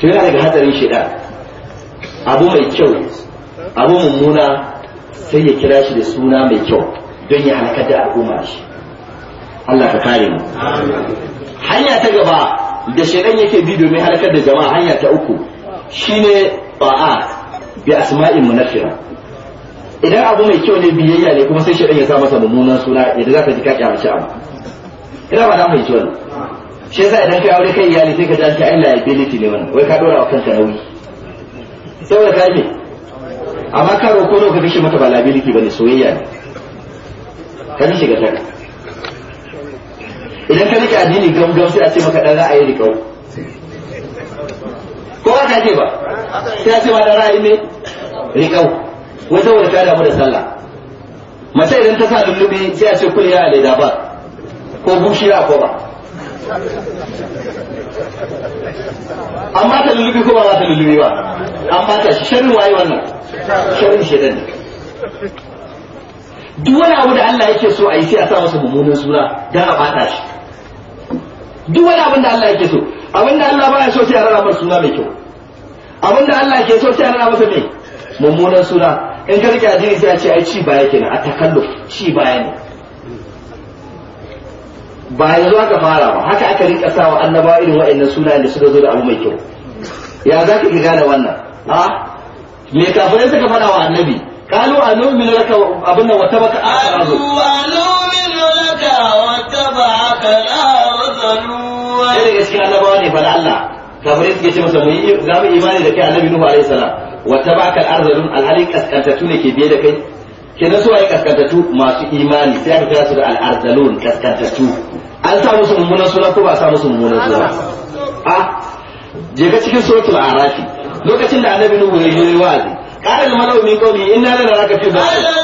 to yana daga hadarin shida abu mai kyau abu mummuna sai ya kira shi da suna mai kyau don ya halakar da al'umma shi Allah ka kare mu hanya ta gaba da shaidan yake bi domin halakar da jama'a hanya ta uku shine ba'a bi asma'in munafira idan abu mai kyau ne biyayya ne kuma sai shaidan ya sa masa mummunan suna idan za ka ji ka kyamace abu ina ba da mai kyau shi yasa idan kai aure kai iyali sai ka ji ta illa liability ne wannan wai ka dora wa kanka nauyi saboda wai ne amma ka roko ne ka kashe mata ba liability bane soyayya ne ka ji shiga ta idan ka rike addini gamgam sai a ce maka dan ra'ayi rikau ko ba ka ce ba sai a ce ma dan ra'ayi ne rikau wai saboda ka damu da sallah mace idan ta sa lullubi sai a ce kulliya ya leda ba ko bushiya ko ba an ba ta lullubi ko ba ba ta lullubi ba an ba ta sharrin waye wannan sharrin shedan ne duk wani abu da Allah yake so a yi sai a sa masa mummunan suna don a bata shi duk wani abu da Allah yake so abin da Allah baya so sai a rana masa suna mai kyau abin da Allah ke so sai a rana masa mai mummunan suna in ka rike addini sai a ce ai ci baya kenan a takallu ci baya ne ba yanzu aka fara ba haka aka rika sawa annabawa irin wa'annan sunayen da suka zo da abu mai kyau ya za ka gane wannan ha me kafirai suka fada wa annabi kalu a nu'minu laka nan wata baka a ƙazo sai daga cikin annabawa ne fada Allah kafirai suke ce masa muyi za mu imani da kai annabi nuhu alaihi salam wata baka arzalun alhali kaskantattu ne ke biye da kai kenan su waye kaskantattu masu imani sai aka kira su da al'arzalun kaskantattu an sa musu mummunan suna ko ba sa musu mummunan suna a je ka cikin suratul arafi lokacin da annabi nuhu ya yi wa'azi qala al malau min qawmi inna lanaraka fi dhalalim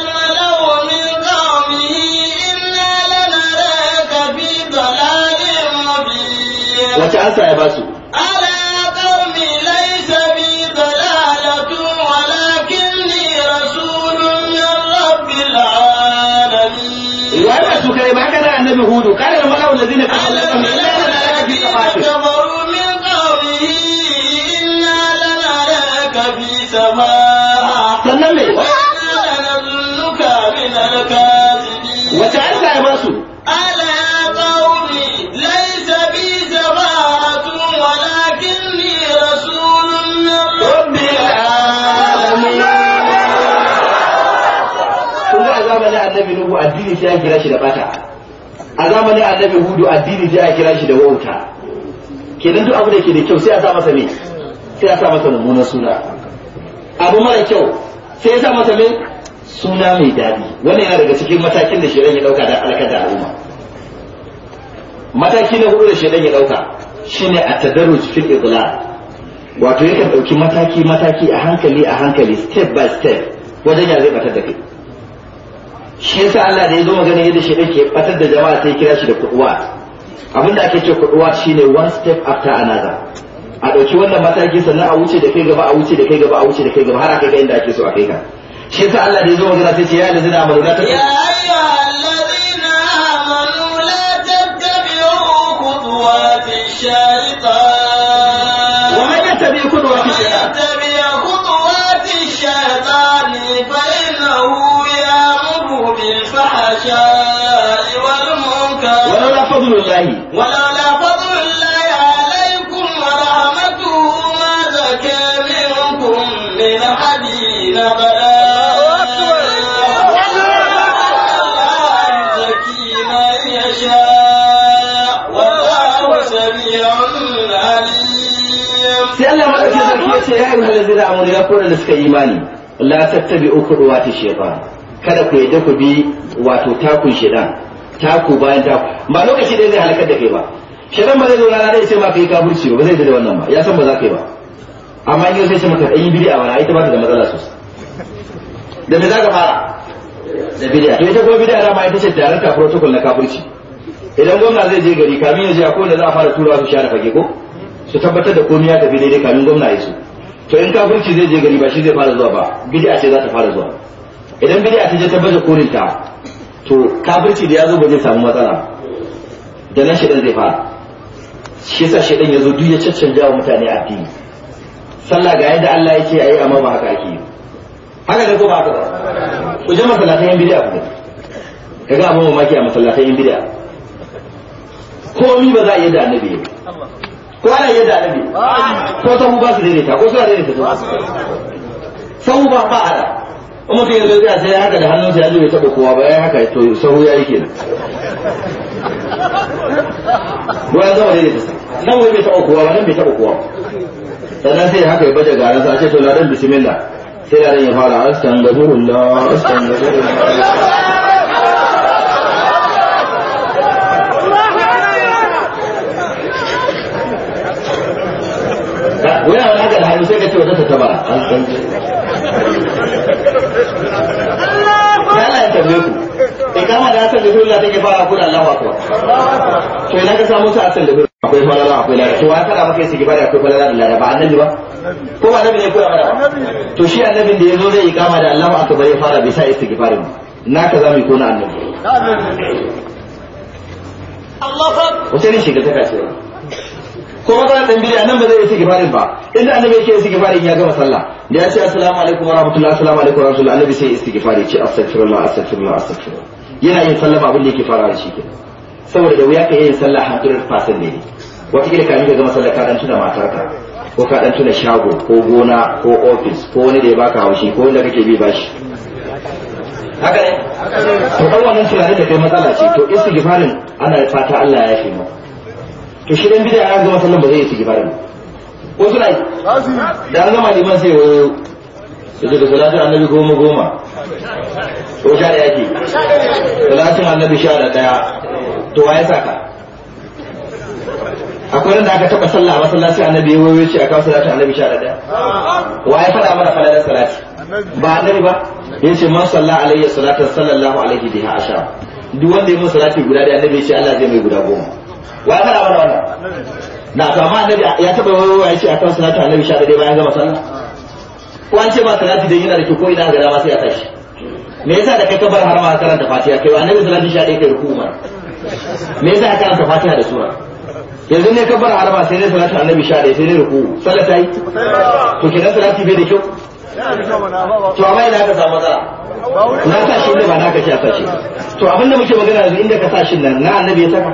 wace ansa ya basu ala qaumi laysa bi dalalatu walakinni rasulun min rabbil alamin wala su kai ba kana annabi hudu kare. annabi nuhu addini sai ya kira shi da bata a zamanin annabi hudu addini sai ya kira shi da wauta kenan duk abu da ke da kyau sai a sa masa ne sai a sa masa mummunan suna abu mara kyau sai ya sa masa ne suna mai daɗi wannan yana daga cikin matakin da shedan ya dauka da da al'umma mataki na hudu da shedan ya dauka shine a tadaru cikin ibla wato yakan dauki mataki mataki a hankali a hankali step by step wajen ya zai batar da kai shi yasa Allah da ya zo magana yadda shi ke batar da jama'a sai kira shi da kuduwa abin da ake ce kuduwa shine one step after another a ɗauki wannan mataki sannan a wuce da kai gaba a wuce da kai gaba a wuce da kai gaba har aka kai ga inda ake so a kai ka shi yasa Allah da ya zo magana sai ce ya allazina amanu la tattabi'u ya allazina amanu la tattabi'u khutuwati shaytan wa man yattabi khutuwati shaytan fa innahu الفحشاء والمنكر ولولا فضل الله ولولا فضل الله عليكم ورحمته ما زكى منكم من أحد نبلا الذين امر لا تتبعوا خطوات الشيطان kada ku yadda ku bi wato takun Shidan. taku bayan taku ba lokaci dai zai halakar da kai ba Shidan ba zai zo rana dai sai ma kai kafirci ba zai da wannan ba ya san ba za ka yi ba amma in yau sai ce maka dan yi a wani ita ta ba ta da matsala sosai da me za ka fara da bid'a to ita ko bid'a da ma ita ce ta protocol na kafirci idan gwamna zai je gari kamin ya je akwai wanda za a fara turawa su share fage ko su tabbatar da komai ya tafi daidai kamin gwamna ya su to in kafirci zai je gari ba shi zai fara zuwa ba bid'a ce za ta fara zuwa idan bid'a ta je ta baje kolin ta to kafirci da yazo ba zai samu matsala da nan shedan zai fara shi yasa shedan yazo duk ya caccanja wa mutane addini sallah ga yadda Allah yake ayi amma ba haka ake haka da ko ba haka ba ku jama'a masallatan yin bid'a ku kaga abin mamaki a masallatan yan bid'a komi ba za a yi da annabi ko ana yi da annabi ko ta ba su daidaita ko suna daidaita ta sau ba ba ala in mutum ya zo tsaya sai ya haka da hannunsa ya zube taɓa kowa ba ya haka to sahu ya yi kenan ruwan zama ne da kasa nan wai bai taɓa kowa ba nan bai taɓa kowa sannan sai haka ya baje garin sa a ce to ladan bismillah sai yaran ya fara askan gafurullah askan gafurullah wani abu da haka da hannu sai ka ce wata ta tabara da astaghfirullah take fara kula Allahu akbar to ina ka samu sa astaghfirullah akwai falala akwai lada to wata da muke sigi bari akwai falala da lada ba annabi ba ko ba annabi ne ko ba to shi annabin da yazo zai ikama da Allahu akbar ya fara bisa istighfar naka zamu ko na annabi Allahu akbar wace ne shiga ta kace ko wata dan bidi nan ba zai yi istighfarin ba inda annabi yake istighfarin ya gama sallah da ya ce assalamu alaikum wa rahmatullahi assalamu alaikum wa rahmatullahi annabi sai istighfari ce astaghfirullah astaghfirullah astaghfirullah yana yin sallah ba abin da yake fara da shi ke saboda da wuya ka yi sallah hundred fasin ne wataƙila ka miƙa zama sallah ka dan tuna matarka ko ka dan tuna shago ko gona ko ofis ko wani da ya baka haushi ko wanda kake bi bashi haka ne to dan wannan tunanin da kai matsala ce to istighfarin ana fata Allah ya yafe mu to shi dan bidai an zama sallah ba zai yi istighfarin ko suna yi da an gama liman sai wayo da daga salatin annabi goma goma ko jari yake salatin annabi sha da daya to wa ya saka akwai wanda aka taba sallah sai annabi ya wayo ce aka salatu annabi sha da daya wa ya fada mana falalar salati ba annabi ba yace man sallah alayhi salatan sallallahu alaihi biha asha duk wanda ya mun salati guda da annabi ya ce Allah zai mai guda goma wa ya fada mana wannan na to amma annabi ya taba wayo ya ce aka salatu annabi sha da daya bayan gama sallah ko an ce ba salati dai yana da ko ina ga dama sai a tashi me yasa da kai ka bar harama karanta fatiha kai annabi sallallahu alaihi wasallam kai hukuma me yasa ka karanta fatiha da sura yanzu ne ka bar harama sai ne salatu annabi sha dai sai ne ruku sallah ta yi to kenan salati bai da kyau to amma ina ka samu matsala na sa shi ne ba na kashi a shi to abin da muke magana yanzu inda ka sa shi nan na annabi ya saka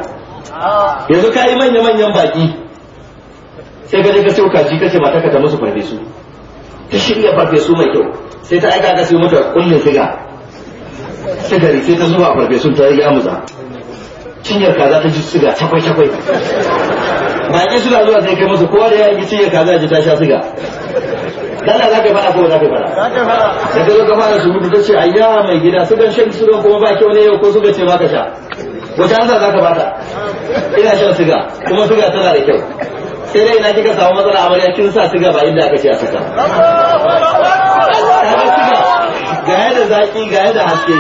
yanzu ka yi manya manyan baki sai ka je ka sauka ji kace mata ka ta musu farfesu ta shirya farfesu mai kyau sai ta aika ka sai mata kullun siga sigari sai ta farfe farfesun ta yi amsa cinyar kaza ta ji siga takwai takwai bayan suna zuwa sai kai masa kowa da ya yi cinyar kaza ji ta sha siga dan za ka fara ko za ka fara. da ka zo ka fara su mutu ta ce ayya mai gida su gan shan sugan kuma ba kyau ne yau ko suka ce ba ka sha wace an za ka bata ina shan siga kuma siga tana da kyau sai dai ina kika samu matsala amarya kin sa siga ba inda aka ce a saka gaya da zaki gaya da haske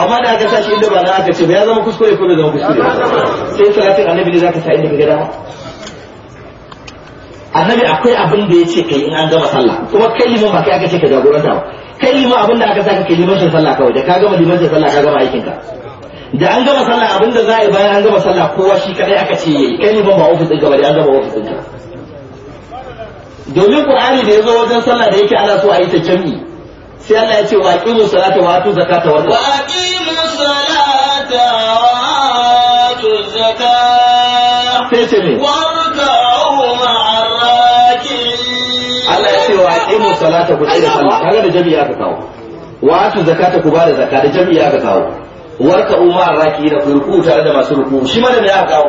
amma da aka sashi inda ba za aka ce ba ya zama kuskure ko da zama kuskure sai salatin annabi ne za ka sa inda ka gada annabi akwai abin da ya ce kai in an gama sallah kuma kai liman ba kai aka ce ka jagoranta ba kai liman abin da aka saka kai liman shi sallah kawai da ka gama liman shi sallah ka gama aikin ka da an gama sallah abin da za a yi bayan an gama sallah kowa shi kadai aka ce yayi kai liman ba ofis ɗin gaba da an gama ofis ɗin domin qur'ani da ya zo wajen sallah da yake ana so a yi ta jami'i sai Allah ya ce wa aqimu salata wa atu zakata wa aqimu salata wa atu zakata sai ce ne Allah ya ce wa aqimu salata ku tsaya sallah kaga da jami'a ka kawo wa atu zakata ku ba da zakata da jami'a ka kawo warka umar raki da kurku tare da masu ruku shi ma da me aka kawo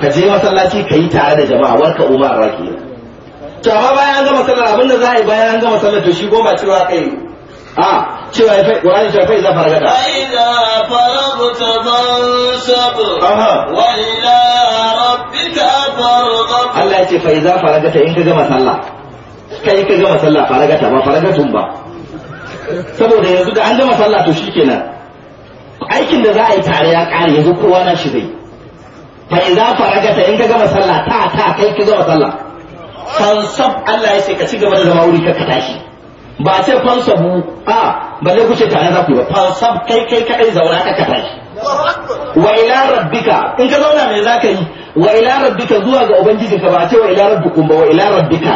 ka je masallaci ka yi tare da jama'a warka umar raki to amma bayan gama sallar abin da za a yi bayan gama sallar to shi goma cewa kai a cewa ya fai ƙwararri cewa fai za fara gada aida faraguta mansab wa ila rabbika farghab Allah ya ce fa idza faragata in ka gama sallah kai ka gama sallah faragata ba faragatun ba saboda yanzu da an gama sallah to shikenan aikin da za a yi tare ya kare yanzu kowa na shi zai fa idza faragata in ka gama sallah ta ta kai ka gama sallah fansab Allah ya ce ka ci gaba da zama wuri ka tashi ba ce fansabu a ba zai kuce tare za ku yi ba fansab kai kai kai zauna ka ka tashi wa ila rabbika in ka zauna me zaka yi wa ila rabbika zuwa ga ubangiji ka ba ce wa ila rabbikum ba wa ila rabbika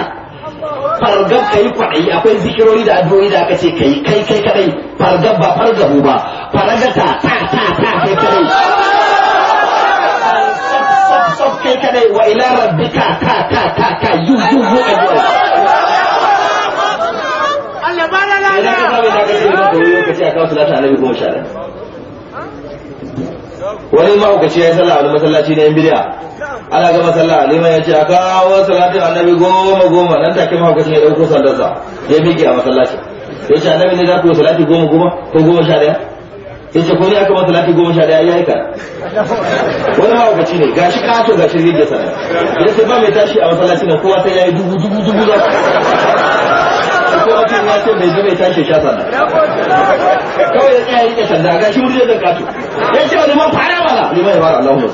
fargab kai kwaɗayi akwai zikirori da addu'o'i da aka ce kai kai kai kai fargab ba fargabu ba faragata ta ta ta kai kadai kai kadai wa ila rabbika ka ka ka ka yu yu yu Allah ba la la wani mahaukaci ya yi sallah wani masallaci na yan bidiya ana gama sallah liman ya ce a kawo salatin annabi goma goma nan take mahaukacin ya dauko sandarsa ya miƙe a masallaci ya ce annabi ne za ku yi salati goma goma ko goma sha daya in ta kone aka masa lati goma sha daya ya ka wani mawakaci ne shi kato shi rage sana ya sai ba mai tashi a masallaci na kowa sai ya yi dubu dubu dubu za ko ce ya ce bai ji mai tashi sha sana kawai ya tsaya rike sanda shi wuri zai kato ya ce wani man fara mana ne mai fara Allahumma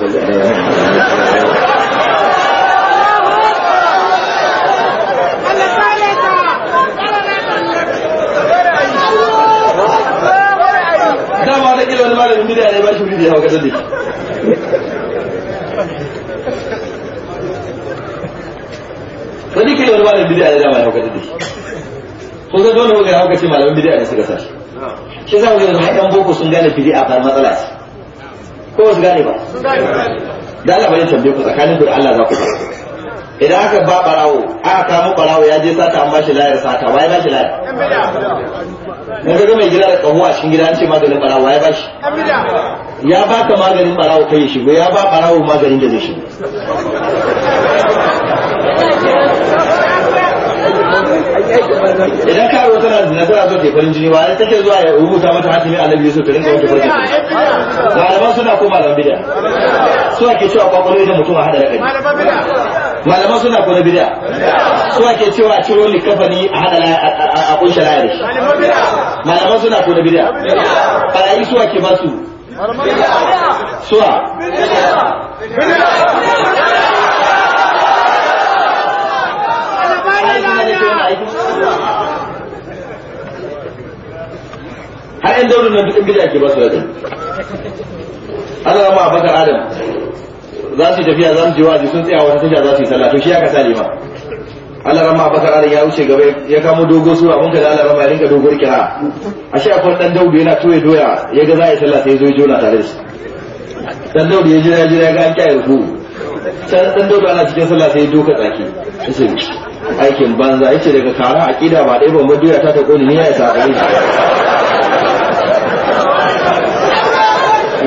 wata kila wani malamin bidiya ne ba shi wuri da yawa kasar da wani kila wani malamin bidiya ne dama ya hauka da shi ko zai dole wani hauka ce malamin bidiya ne suka sa shi za mu ga yanzu ɗan boko sun gane bidiya ba matsala ce ko wasu gane ba da Allah bane tambaye ku tsakanin ku da Allah za ku fara idan aka ba barawo aka kamo barawo ya je sata an bashi layar sata waye bashi layar in ga mai gida da kawo a cikin gida an ce maganin barawa ya bashi ya ka maganin barawa kai shigo ya ba barawa maganin da zai shigo idan ka rubuta na zina tana zo ke farin jini ba ta take zuwa ya rubuta mata hatimin annabi yusuf ta rinka wanke farin jini malaman suna ko malaman bid'a su ake cewa kwakwalo idan mutum a hada da kai malaman suna kuna bid'a su ake cewa ciro likafani a hada a kunshe layar malaman suna kuna bid'a barayi su ake basu suwa har yan daunin nan duk bid'a ke basu wajen Allah ma bakar Adam za su tafiya za su ji wa'azi sun tsaya wata tasha za su yi sallah to shi aka sani ma. Allah baka bakar ya wuce gaba ya kamo dogo sura mun kaza Allah ramma ya rinka dogon kira shi akwai dan Daudu yana toye doya ya ga za a yi sallah sai ya zo jona tare da shi dan Daudu ya jira jira ya ga an kyaye ku sai dan Daudu ana cikin sallah sai ya doka tsaki yace aikin banza yace daga kara akida ba dai ban doya ta ta koni ni ya isa kai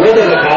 ne daga kara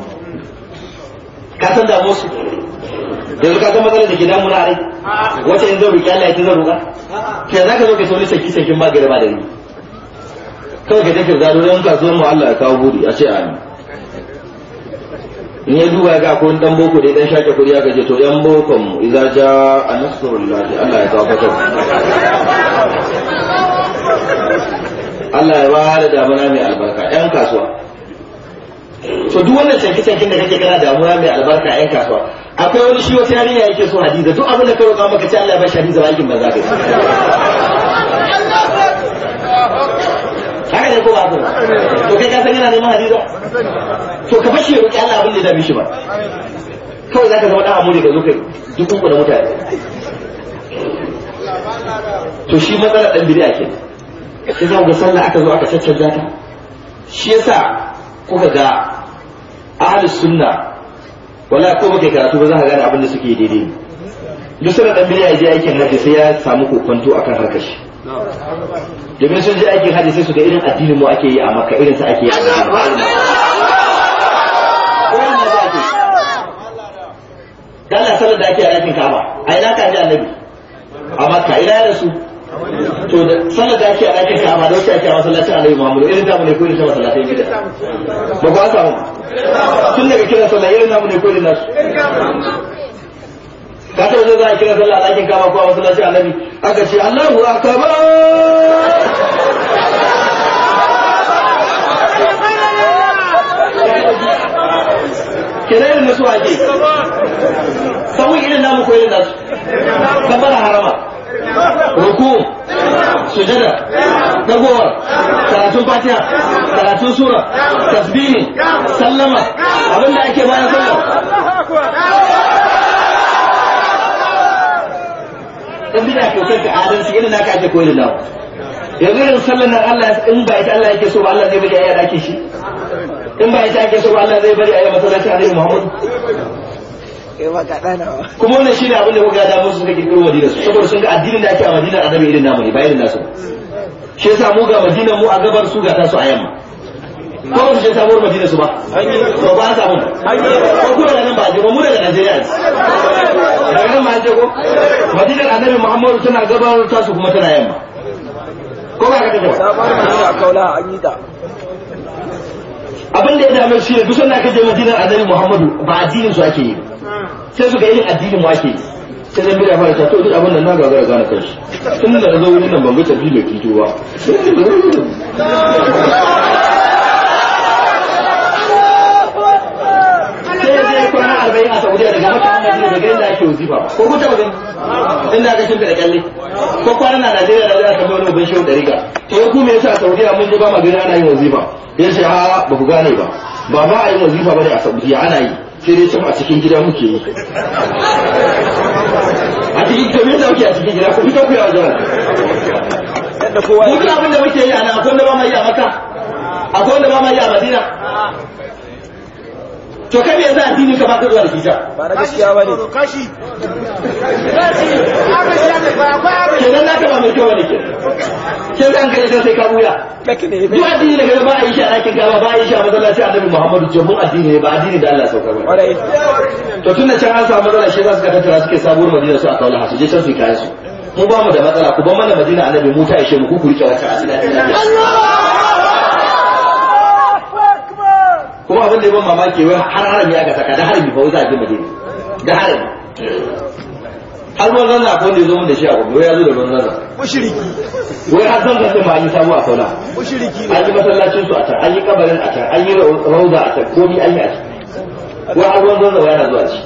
ka san da musu yanzu ka san matsalar da ke damu na rai wata in zai roƙi Allah ya ta zan roƙa ke za ka zo ka sauri saki sakin ba gari ba da ni kawai ka take zaro don kasuwar mu Allah ya kawo buri a ce amin in ya duba ga ko dan boko dai dan shake kuriya ka je to yan bokon mu idza jaa anasrullah Allah ya kawo fata Allah ya ba da damana mai albarka yan kasuwa to duk wannan canke cankin da kake kana damuwa mai albarka yan kasuwa akwai wani shi wata yarinya yake so hadiza duk abin da ka roƙa maka ce Allah ya bashi hadiza ba za banza kai haka ne ko ba to kai ka san yana neman hadiza to ka bashi roƙi Allah abin da ya shi ba kawai za ka zama ɗan amuri da zo kai duk da mutane to shi matsala dan bidiya ke sai za ga sallah aka zo aka caccanza ta shi yasa kuka ga ahli sunna wala ko muke karatu ba za ka gane abin da suke daidai duk suna dan bidiya je aikin haji sai ya samu kokonto akan harkar shi domin sun je aikin haji sai su ga irin addinin mu ake yi a maka irin sa ake yi a Allah sallar da ake a aikin kaba a ina ka ji annabi a makka ina da su to da sallar da ake a ɗakin kama da wacce ake a masallacin annabi muhammadu irin ta ne ko irin ta masallacin gida ba ku haka mu tun daga kiran sallah irin ta ne ko irin nasu ka ta wajen za kira sallah a kama ko a masallacin annabi aka ce allahu akbar kenan irin nasu ake sauyi irin namu ko irin nasu kabara harama ruku sujada dagowar karatun fatiha karatun sura tasbihi sallama abin da ake bayan sallah in bida kyautar ka adalci irin naka ake koyi da yanzu Da sallar nan Allah in ba ita Allah yake so ba Allah zai bari a yi shi in ba ita ake so ba Allah zai bari a yi masallaci a Muhammadu kai ma ka dana kuma wannan shine abin da muka da musu suka kirkiro Madina su saboda sun ga addinin da ake a Madina annabi irin namu ne ba nasu shi yasa mu ga Madina mu a gabar su ga tasu a yamma ko ba su je sabuwar Madina su ba ba ba samu ko kuma daga nan ba je ba mu daga Najeriya daga nan ba je ko Madina annabi Muhammadu tana gabar tasu kuma tana yamma ko ba ka da ba sabuwar Madina yi ta abin da ya dame shi ne duk na ka je madinar annabi Muhammadu ba addinin su ake yi sai su yi irin addinin wake sai zan bida fara tato duk abin nan na gagara gane kai tun da zo wurin nan ban ga tafi da fito ba kwana arba'in a saudiya daga mutanen da daga yadda ake wazifa ko kuta wajen inda aka shimfiɗa kyalle ko kwana na najeriya da za ka bai wani shehu da riga to ya kuma yasa saudiya mun je ba magana ana yin wazifa ya ce a ba ku gane ba ba ba a yin wazifa ba ne a saudiya ana yi sai dai can a cikin gida muke yi a cikin kamar da muke a cikin gida ku fito ku yawa jama'a yadda kowa ya abin da muke yi a nan akwai wanda ba ma yi a maka akwai wanda ba ma yi a madina to kai me yasa addinin ka baka zuwa da hijab ba na gaskiya ba ne kashi kashi aka shi ne ba ba aka shi nan naka ba mai kyau ne ke ke zan kai sai sai ka buya duk addini da ba a yi shi a ɗakin gaba ba a yi shi a masallaci annabi Muhammadu jamu addini ne ba addini da Allah saukar ba to tunda can an samu matsala shi za su ka tattara suke sabuwar madina su a kawo hasu je can su kayan su mu ba mu da matsala ku ban mana madina annabi mu ta ishe mu ku ku rike wata asila Allah kuma abin da ya ban mamaki wai har harami aka saka da har fa wuza a madina da har ruwan zanna ko ne zo mun da shi a gobe wai ya zo da ban zanna mushriki wai har zanna da mai yi sabu a sauna mushriki an yi masallacin su a can an yi kabarin a can an yi rauda a can komai an yi a can wai har ruwan zanna wai yana zuwa shi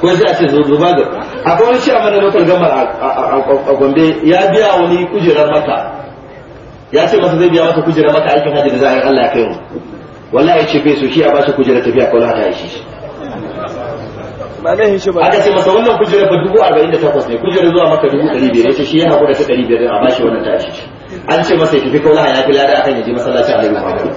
ko sai a ce zo duba ga akwai wani shi a mana lokal gamar a gombe ya biya wani kujerar mata ya ce masa zai biya masa kujerar mata aikin hajji da za a yi Allah ya kai mu wallahi ce bai so shi ya ba shi kujerar tafiya kawai ta ishe shi ba zai shi ba aka ce masa wannan kujerar ba dubu arba'in da takwas ne kujerar zuwa maka dubu ɗari biyar ya ce shi yana kuɗa ta ɗari biyar a ba shi wannan ta shi an ce masa ya tafi kawai ya fi lada akan ya je masallacin alaihi muhammad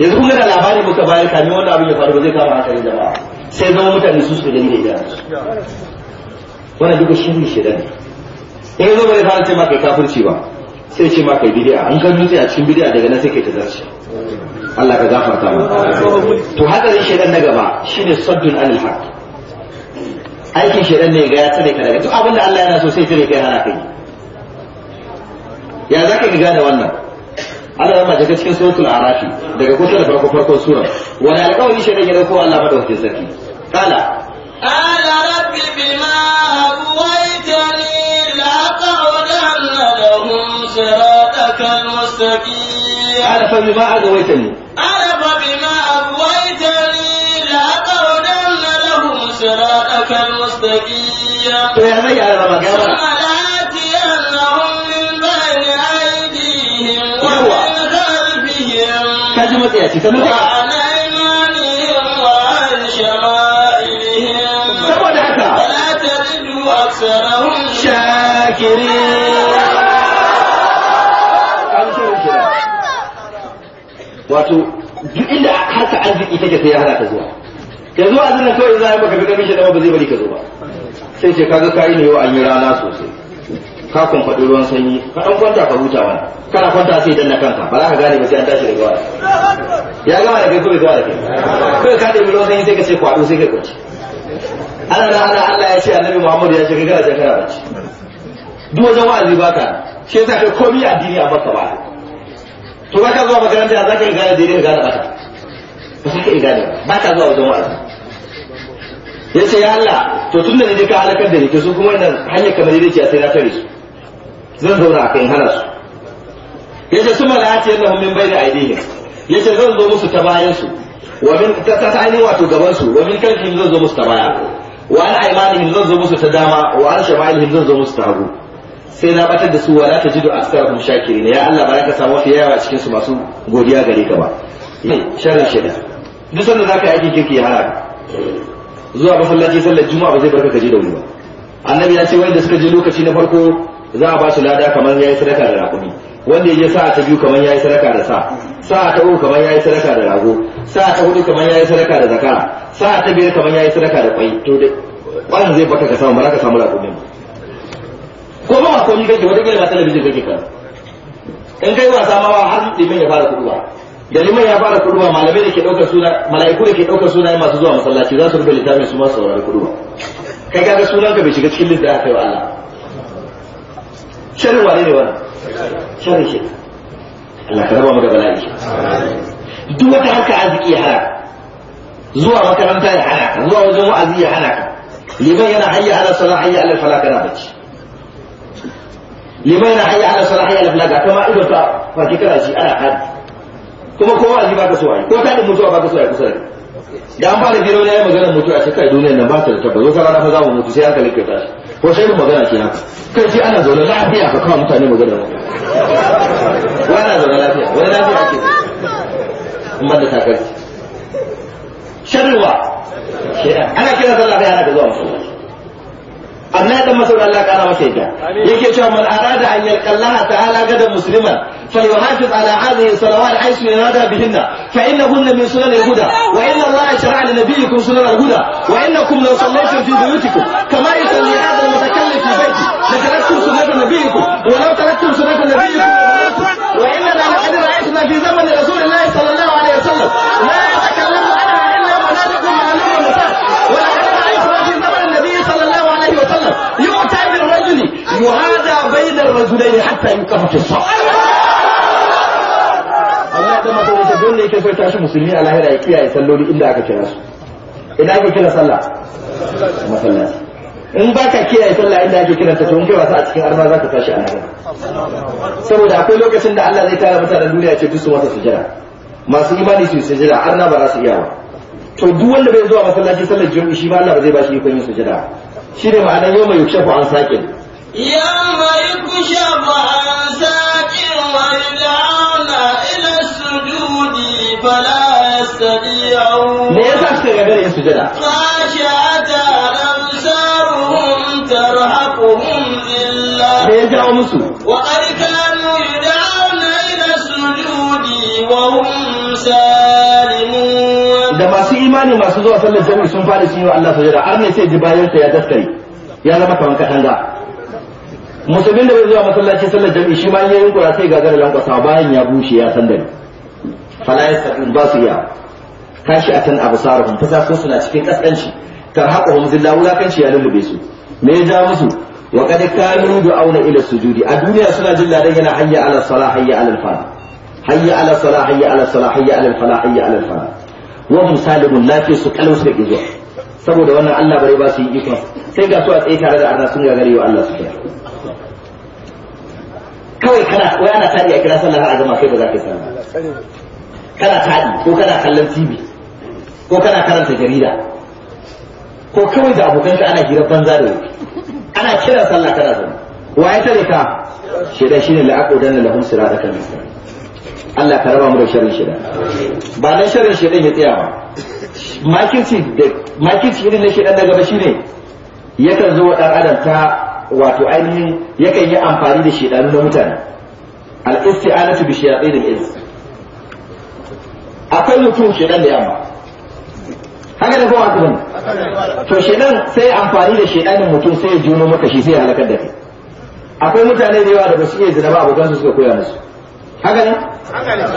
yanzu kuma da labarin muka bayar kamin wannan abin ya faru ba zai kama haka hankalin jama'a sai zama mutane su su gani da idanunsu wannan duka shi ne shirin in zo bane fara ce ma kai kafirci ba sai ce ma kai bidiya an ka sai a cikin bidiya daga nan sai kai ta zarce Allah ka gafarta mu to hadarin shedan na gaba shine saddun anil haqq aikin shedan ne ga ya tsare ka daga to abinda Allah yana so sai tsare kai hana kai ya zaka ka gane wannan Allah ya maka cikin suratul arafi daga kusa da farko farkon sura wani alƙawari shedan ya dauko Allah madaukakin sarki kala قال بما أغويتني لأقعدن لهم صراطك المستقيم فبما أغويتني قال فبما أغويتني لأقعدن لهم صراطك المستقيم طيب ثم لآتينهم من بين أيديهم إيه ومن خلفهم كذبت يا taso duk inda haka arziki take sai ya hana ta zuwa yanzu a zinan kawai za a yi ga mishi dama ba zai bari ka zo ba sai ce kaga kayi ne yau an yi rana sosai ka kun faɗi ruwan sanyi ka ɗan kwanta ka huta mana kana kwanta sai danna kanka ba za ka gane ba sai an tashi da gawa ya gama da kai kuma zuwa da kai kai ka ɗan ruwan sanyi sai ka ce kwaɗo sai ka kwanci ana na ana Allah ya ce annabi Muhammad ya ce ka gana sai kana bacci duk wajen wa'azi baka shi yasa kai komai addini a baka ba to ba ka zuwa makaranta ya za ka gane daidai ya gane baka ba za ka gane ba ka zuwa wajen wa'azi ya ce ya Allah to tun da ne ka halakar da ni to su kuma wannan hanyar kamar yadda ce sai na tare su zan zauna a kan hana su ya ce su mala'ati yadda hun min bai da aidihim ya ce zan zo musu ta bayan su wa min ta ta ainihin wato gaban su wa min zan zo musu ta baya wa an aimanihim zan zo musu ta dama wa an shama'ilihim zan zo musu ta hagu sai na batar da su wa ta jidu shakiri ne ya Allah ba ka samu fiye yawa cikin su masu godiya gare ka ba sharrin shida duk sanda ka yi aikin kirki ya hana zuwa masallaci sallar juma'a ba zai barka ka je da wuri ba annabi ya ce wanda suka je lokaci na farko za a ba su lada kamar yi sadaka da rakumi wanda ya sa'a ta biyu kamar yi sadaka da sa sa'a ta uku kamar yi sadaka da rago sa'a ta hudu kamar yi sadaka da zakara sa'a ta biyar kamar yi sadaka da kwai to dai wannan zai baka ka samu ba za ka samu rakumi ba ko ma ba komi kake wata kila ba talabijin kake kan in kai wasa ma ba har liman ya fara kuduwa da liman ya fara kuduwa malamai da ke ɗaukar suna mala'iku da ke ɗaukar suna masu zuwa masallaci za su rubuta littafin su ma saurari kuduwa kai ga sunan ka bai shiga cikin list da aka yi wa Allah sharri wane ne wani. sharri shi Allah ka raba mu da bala'i duk wata harka arziki ya hana zuwa makaranta ya hana ka zuwa wajen wa'azi ya hana ka liman yana hayya ala salat hayya ala falaka kana bacci limana hayya ala salahi ala falaga kama ido ta faki kana shi ana hadi kuma kowa ba baka so ai ko ta da mutuwa baka so ai kusa da da an fara ne yayin magana mutuwa ce kai duniyar nan ba ta da tabbas wata rana fa za mu mutu sai an kalle ta shi ko sai magana ce haka kai shi ana zaune lafiya ka kawo mutane magana wani zaune lafiya wani lafiya ake in ban da takarci sharriwa ana kira sallah bai ana ka zuwa masallaci Allah dan masaura Allah kara masa yadda yake cewa man arada an yalqa Allah ta'ala gada على هذه الصلوات حيث ينادى بهن فإنهن من سنن الهدى وإن الله شرع لنبيكم سنن الهدى وإنكم لو صليتم في بيوتكم كما يصلي هذا المتكلم في بيته لتركتم سنة نبيكم ولو تركتم سنة نبيكم وإننا لقد رأيتنا في زمن رسول الرجلين حتى ينكحوا في الصف Allah da masa wata dole yake so tashi musulmi a lahira ya kiyaye salloli inda aka kira su idan aka kira sallah masallaci in ba ka kiyaye sallah inda ake kiranta to in kai wasa a cikin arma za ka tashi a lahira saboda akwai lokacin da Allah zai tara mutanen duniya ce duk su masa sujada masu imani su sujada arna ba za su iya ba to duk wanda bai zuwa masallaci sallar jami'i shi ba Allah ba zai ba shi ikon yin sujada shi ne ma'anar yau mai yukshafu an sake يوم يكشف عن ساق ويدعون إلى السجود فلا يستطيعون خاشعة أبصارهم da masu imani masu zuwa sallar jami'i sun fara shi wa Allah sujada har ne sai jibayarsa ya daskare ya zama kamar katanga musulmin da bai zuwa masallaci sallar jami'i shi ma yayin kura sai gagara lankwasa bayan ya bushe ya san dani fala yastaqim ba su a kashi akan absaruhum fasasun suna cikin kaskanci tarhaquhum zilla kanci ya lullube su me ya ja musu wa kad kanu du'auna ila sujudi a duniya suna jin ladan yana hayya ala salah hayya ala al hayya ala salah hayya ala salah hayya ala al hayya ala al wa hum salimun fi su kalau suka zuwa saboda wannan Allah bare ba su yi ikon sai ga su a tsaye tare da arna sun gagare wa Allah su kai kawai kana wai ana tadi a kira sallar a gama kai ba za ka yi sallah kana tadi ko kana kallon tv ko kana karanta jarida ko kawai da abokanka ana hira banza da wuri ana kiran sallah kana zama wa ya tare ka shida shine la aqudan lahum siratan mustaqim Allah ka raba mu da sharrin shida ba dan sharrin shida ya tsaya ba makirci da makirci irin na shida daga ba shine yakan zo wa dan adam ta wato ainihin yakan yi amfani da shedanu na mutane al-isti'anatu bi shayatin al-ins akwai mutum shedan da yamma haka da kowa kuma to shedan sai amfani da shedanin mutum sai ya juna maka shi sai ya halakar da kai akwai mutane da yawa da ba su iya zina ba abokansu suka koya musu haka ne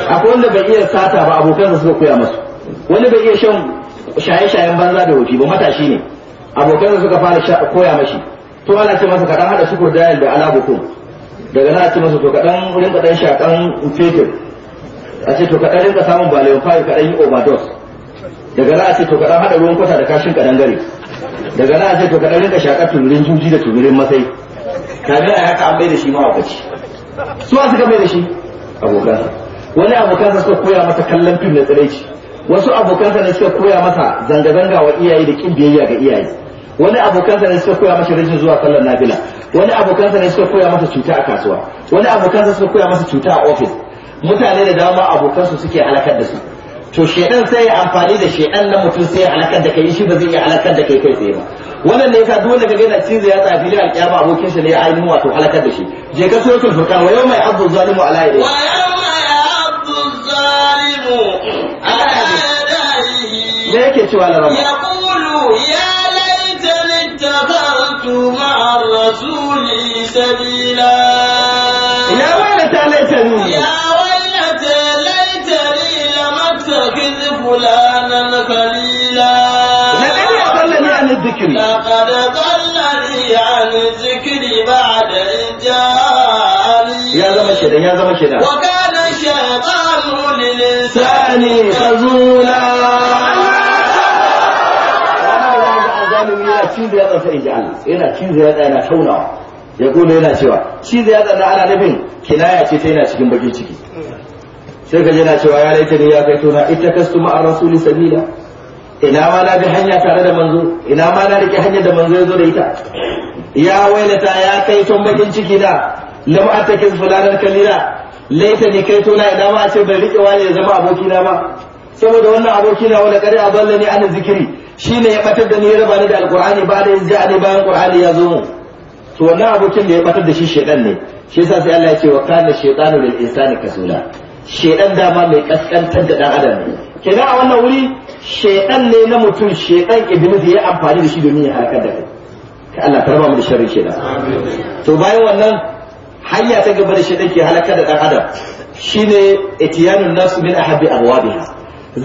akwai wanda bai iya sata ba abokansu suka koya musu wani bai iya shan shaye-shayen banza da wuce ba matashi ne abokansa suka fara koya mashi to ana ce masa kaɗan haɗa shukur dayal da ala bukum daga nan a ce masa to kaɗan rinka ɗan shaƙan fetur a ce to kaɗan rinka samun balewan fayi kaɗan yi overdose daga nan a ce to kaɗan haɗa ruwan kwata da kashin kaɗan gare daga nan a ce to kaɗan rinka shaƙar tunurin juji da tunurin masai kaga a haka an bai da shi wakaci su a suka bai da shi abokansa wani abokansa suka koya masa kallon fim da tsiraici wasu abokansa ne suka koya masa zanga-zanga wa iyaye da kin biyayya ga iyaye wani abokansa ne suka koya masa rijin zuwa sallar nafila wani abokansa ne suka koya masa cuta a kasuwa wani abokansa suka koya masa cuta a ofis mutane da dama abokansu suke halakar da su to shedan sai ya amfani da shedan na mutum sai ya halakar da kai shi ba zai iya halakar da kai kai tsaye ba wannan ne yasa dole ka gaina cin ya tsafi da alƙiyama abokin shi ne ya ainihin wato halakar da shi je ka so kin furkan wa yau mai abdu zalimu ala yadi wa yau mai zalimu ala yadi ne yake cewa larama ya اتخذت مع الرسول سبيلا يا ويلتى ليتني يا ويلتى ليتني لم اتخذ فلانا خليلا لقد أضلني عن الذكر لقد أضلني عن الذكر بعد إن جاءني يا زما شيطان يا زما شيطان وكان الشيطان للإنسان خذولا cizo ya tsansa in ji Allah yana cizo ya yana taunawa ya gole yana cewa cizo ya tsanna ana nufin kinaya ce ta yana cikin bakin ciki sai ka jina cewa ya laita ne ya kai tona ita kastu ma'a rasuli sabila ina ma na bi hanya tare da manzo ina ma na rike hanya da manzo ya zo da ita ya wailata ya kai ton bakin ciki da lam attakiz fulanan kalila laita ni kai tona ina ma a ce bai rike wani ya zama aboki na ba saboda wannan aboki na wani kare a ballani ana zikiri Shi ne ya batar da ni ya rabani da alkur'ani ba da yanzu ne bayan alkur'ani ya zo mu to wannan abokin da ya batar da shi shedan ne shi yasa sai Allah ya ce wa kana shaytanu lil insani kasula shedan dama mai kaskantar da dan adam ne a wannan wuri shedan ne na mutum shedan iblis ya amfani da shi domin ya halakar da kai ka Allah tarba mu da sharri shedan to bayan wannan hanya ta gaba da shedan ke halakar da dan adam shine itiyanun nasu min ahabbi abwabiha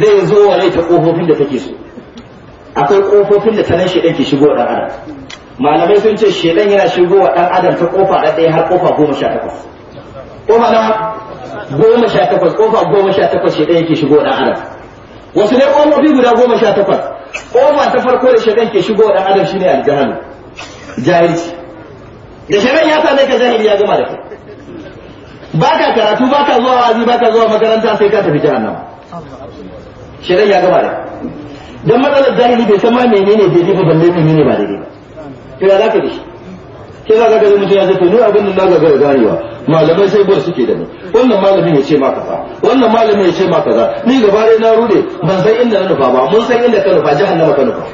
zai zo wa ta kofofin da take so akwai kofofin da tanan shedan ke shigo dan adam malamai sun ce shedan yana shigo wa dan adam ta kofa da ɗaya har kofa goma sha takwas kofa na goma sha takwas kofa goma sha takwas shedan yake shigo dan adam wasu ne kofofi guda goma sha takwas kofa ta farko da shedan ke shigo dan adam shine aljahannu jahilci da shedan ya same ka jahili ya gama da kai baka karatu baka zuwa wazi baka zuwa makaranta sai ka tafi jahannama shedan ya gama da kai dan matsalar zahiri bai san ma menene daidai ba balle menene ba daidai ba to ya zaka ka shi ke za ka gani mutum ya zai ni abin da na ga ganewa malamai sai bar suke da ni wannan malamin ya ce ma kaza wannan malamin ya ce ma kaza ni gaba dai na rude ban san inda na nufa ba mun san inda ka nufa jahannama ka nufa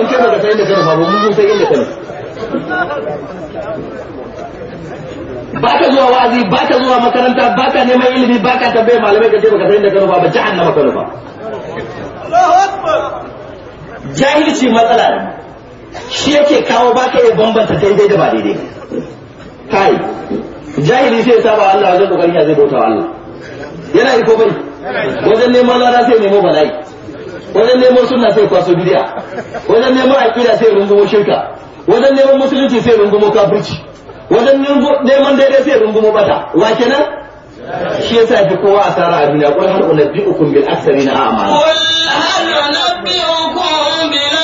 in baka san inda ka nufa ba mun san inda ka nufa ba ka zuwa wa'azi ba ka zuwa makaranta ba ka neman ilimi ba ka tambaye malamai ka ce baka san inda ka nufa ba jahannama ka nufa jahilci matsala shi yake kawo baka iya bambanta daidai da ba daidai kai jahili sai ya saba Allah wajen kokarin ya zai bauta wa Allah yana yi ko bai wajen neman lada sai nemo bala'i wajen neman sunna sai kwaso bidiya wajen neman aqida sai rungumo shirka wajen neman musulunci sai rungumo kafirci wajen neman daidai sai rungumo bata wa kenan shi yasa yafi kowa asara a duniya qul hal unabbiukum bil aktharina a'mala qul hal unabbiukum bil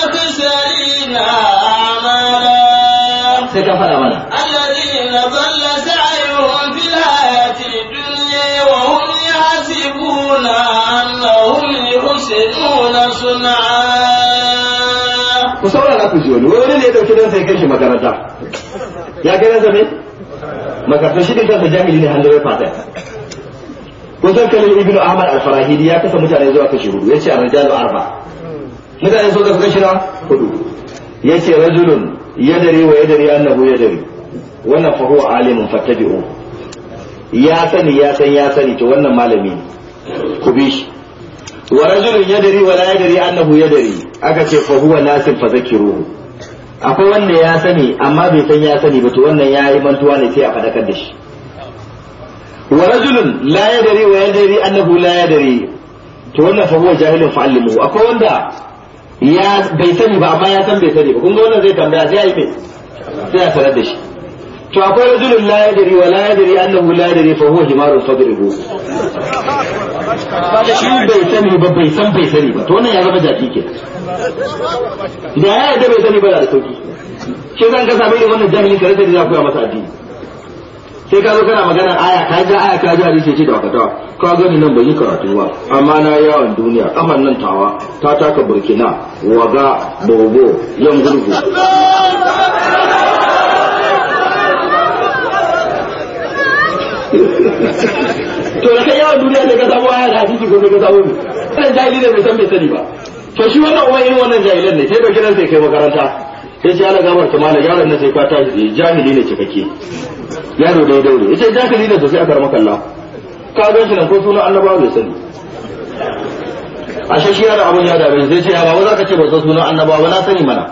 na a'mala sai ka fada mana alladhina dhalla sa'yuhum fil hayati dunya wa hum yahsibuna annahum yuhsinuna sun'a ku saurara ku ji wani wani ne ya dauki dan sai kai shi makaranta ya kai dan makasar to shi da kansa jami'i ne hannu ya fata wajen kalin ibnu ahmad al-farahidi ya kasa mutane zuwa kashi hudu Ya a ar-rijalu arba mutane sun kasu kashi na hudu ce rajulun dare wa ya yadari annahu dare wannan fa huwa alimun fattabi'u ya sani ya san ya sani to wannan malami ku bi shi wa rajulun dare wa la yadari annahu dare aka ce fa huwa nasin fa zakiruhu akwai wanda ya sani amma bai san ya sani ba to wannan ya yi mantuwa ne sai a fadakar da shi wa rajulun la yadri wa yadri annahu la yadri to wannan fa huwa jahilun fa allimuhu akwai wanda ya bai sani ba amma ya san bai sani ba kun ga wannan zai tambaya sai yi mai sai a tarar da shi to akwai rajulun la yadri wa la yadri annahu la yadri fa huwa himarun fadrihu shi bai sani ba bai san bai sani ba to wannan ya zama jaki kenan da ya yarda bai sani ba da sauki shi zan ka bai irin wannan jahili kare da za ku masa addini sai ka zo kana magana aya ka ji aya ka ji hadisi ce da wakata ka gani nan bai yi karatu ba amma na yawon duniya kaman nan tawa ta taka burkina waga bobo yan gurgu to da kai yawon duniya ne ka samu aya da hadisi ko ne ka samu ne kan jahili ne bai san bai sani ba to shi wannan umar irin wannan jahilan ne sai dauki sai kai makaranta sai sai ana gamar ta na yaron nan sai kwata jahili ne cikakke yaro da ya daure yace jahili ne sosai aka rama kalla ka ga shi nan ko sunan annabawa bai sani ashe shi yaro abun ya dabe sai ce ba za ka ce ba san sunan annabawa ba na sani mana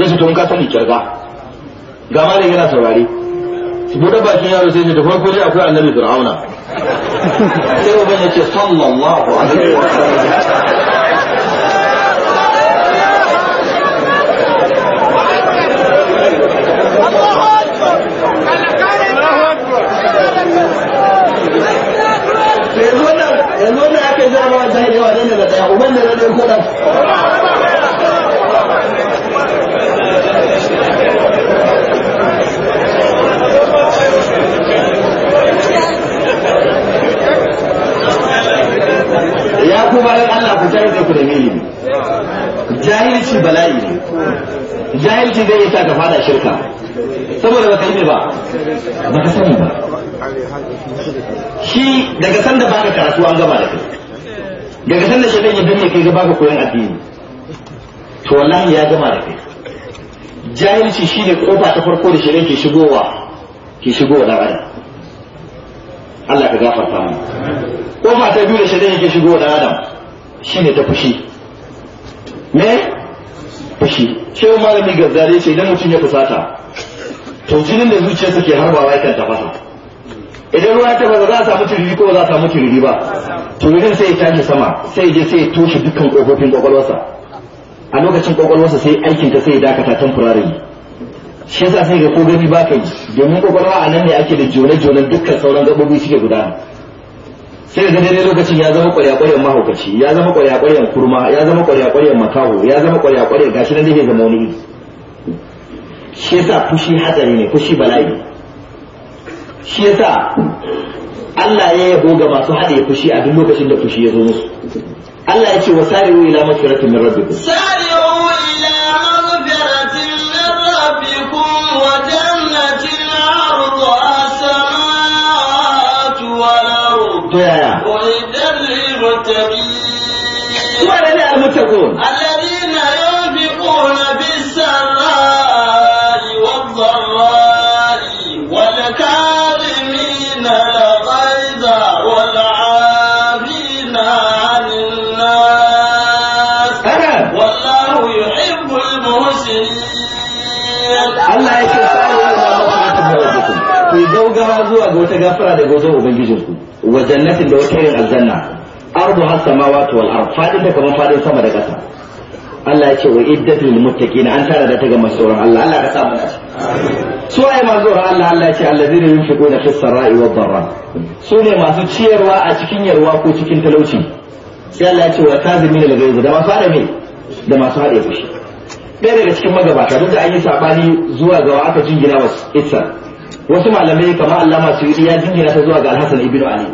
yace to in ka sani kirga ga malam yana saurare bude bakin yaro sai ce da farko dai akwai annabi fir'auna sai uban ce sallallahu alaihi wa sallam yanzu wannan aka yi jarabawa zahiri wa ne na daya uban da na ɗaya ko ɗan ya ku bayan Allah ku tare da ku da ilimi jahilci bala'i ne jahilci zai yi ta ka fada shirka saboda baka yi ne ba baka sani ba shi daga sanda baka karatu an gaba da kai daga sanda shaitan ya danne kai ga baka koyon addini to wallahi ya gama da kai jahilci shine kofa ta farko da shirin ke shigowa ke shigowa da adam Allah ka gafarta mu kofa ta biyu da shaitan ke shigowa da adam shine ta fushi me fushi ce malami gazzare ce idan mutum ya fusata to jinin da zuciyarsa ke harbawa yakan tafasa idan ruwa ta ba za a samu ciriri ko ba za a samu ciriri ba turirin sai ya tashi sama sai ya je sai ya toshe dukkan kofofin kwakwalwarsa a lokacin kwakwalwarsa sai aikin ta sai ya dakata temporary shi yasa sai ga ko gani ba kai domin kwakwalwa a nan ne ake da jone-jonen dukkan sauran gabobi suke gudana sai ga dai lokacin ya zama kwarya-kwaryan mahaukaci ya zama kwarya-kwaryan kurma ya zama kwarya-kwaryan makaho ya zama kwarya-kwaryan gashi nan zai zama wani shi yasa fushi hatsari ne fushi bala'i shi yasa Allah ya yabo ga masu haɗe fushi a duk lokacin da fushi ya zo musu Allah ya ce wa sari'u ila maghfiratin min rabbikum sari'u ila maghfiratin min rabbikum wa jannatin 'arduha as-samawati wal ardu wa idal lil muttaqin wa lana al alladhi gaugawa zuwa ga wata gafara gozo wajen ubangijinku wa jannatin da wata yin aljanna ardu has samawati wal ard fadin da kamar fadin sama da ƙasa Allah ya ce wa lil muttaqin an tara da ta ga masu Allah Allah ka sa mu su ai ma zuwa Allah Allah ya ce allazina yunfiquna fis sarai wad darra su ne masu ciyarwa a cikin yarwa ko cikin talauci sai Allah ya ce wa tazimin lil ghaiz da masu adami ne da masu hada fushi ɗaya daga cikin magabata duk da an yi sabani zuwa ga aka jingina wasu isa wasu malamai kamar allama yi ya jingina ta zuwa ga alhassan ibnu ali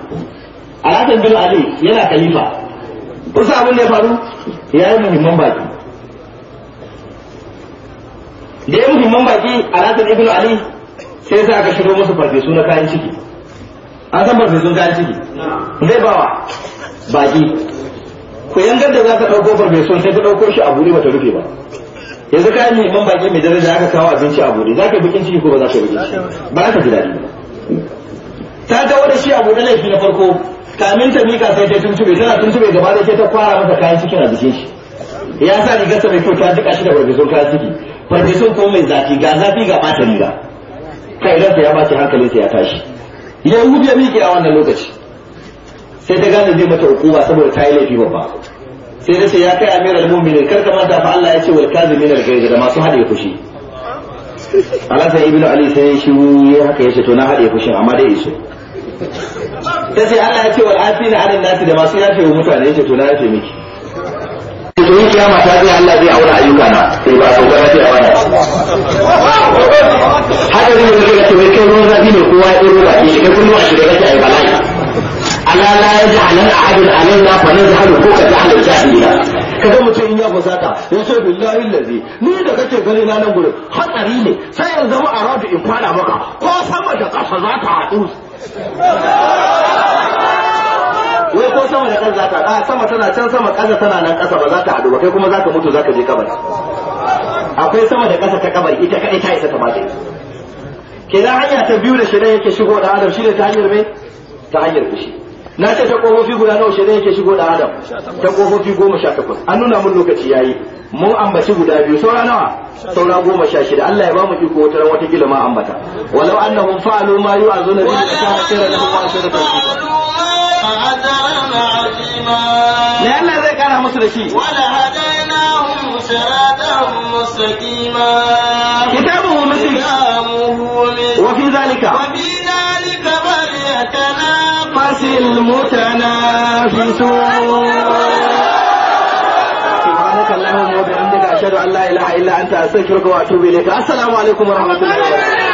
alhassan ibnu ali yana khalifa kusa abin da ya faru ya yi muhimman baki da ya muhimman baki alhassan ibnu ali sai sa aka shigo masu farfesu na kayan ciki an san farfesun kayan ciki zai bawa baki ku yangar da za ta ɗauko farfesun sai ta ɗauko shi a buɗe bata rufe ba yanzu ka ne man baki mai daraja aka kawo abinci a bude ka bikin ciki ko ba za zaka bikin ciki ba ka ji daɗi ta ga wani shi a bude laifi na farko kamin ta mika sai ta tuntube tana tuntube gaba da ke ta kwara masa kayan cikin a bikin shi ya sa rigarsa mai kyau ta jika shi da farfesun kayan ciki farfesun ko mai zafi ga zafi ga ɓata riga kai ta ya hankalin ta ya tashi ya hudu ya miƙe a wannan lokaci sai ta gane zai mata hukuma saboda ta yi laifi babba sai na ce ya kai amiral mu'minin kar ka manta fa Allah ya ce wal kazimin al ghaiz da masu hade fushi Alhassan ibnu Ali sai shi ya haka ya ce to na hade fushin amma dai iso ta sai Allah ya ce wal afina anan nasi da masu yafe wa mutane ya ce to na yafe miki to yi kiyama ta zai Allah zai aura ayyuka na sai ba ko gana sai a bana haka ne da kake kai ruwan zafi ne kowa ya ruwa baki shi kai kullum a shirye kake ai bala'i ala la yaj'alan ahadun alaina fa nazhalu ko ka ta'ala jahila kaga mutum in ya fusata ya ce billahi allazi ni da kake gani na nan gurin hatsari ne sai yanzu zama aradu in fara maka ko sama da ƙasa za ta haɗu wai ko sama da ƙasa za ta haɗu sama tana can sama ƙasa tana nan ƙasa ba za ta haɗu ba kai kuma za ka mutu za ka je kabari akwai sama da ƙasa ta kabari ita kaɗai ta isa ta mace kenan hanya ta biyu da shi yake shigo da adam shi ne ta hanyar mai ta hanyar fushi na ce ta kofofi guda nawa shi yake shigo da adam ta kofofi goma sha takwas an nuna mun lokaci yayi mun ambaci guda biyu saura nawa saura goma sha shida Allah ya ba mu iko wata ran wata gila ma ambata walau annahum fa'alu ma yu'azuna bihi kana khairan lahum wa asharatan ne Allah zai kara musu da shi wala hadainahum siratan mustaqima kitabuhu mithlu wa fi dhalika المتنافسون سبحانك اللهم وبحمدك أشهد أن لا إله إلا أنت أستغفرك وأتوب إليك السلام عليكم ورحمة الله وبركاته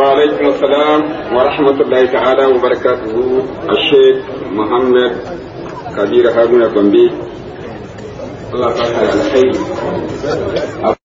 وعليكم السلام ورحمة الله تعالى وبركاته الشيخ محمد كبير هارون الضمبي الله تعالى الخير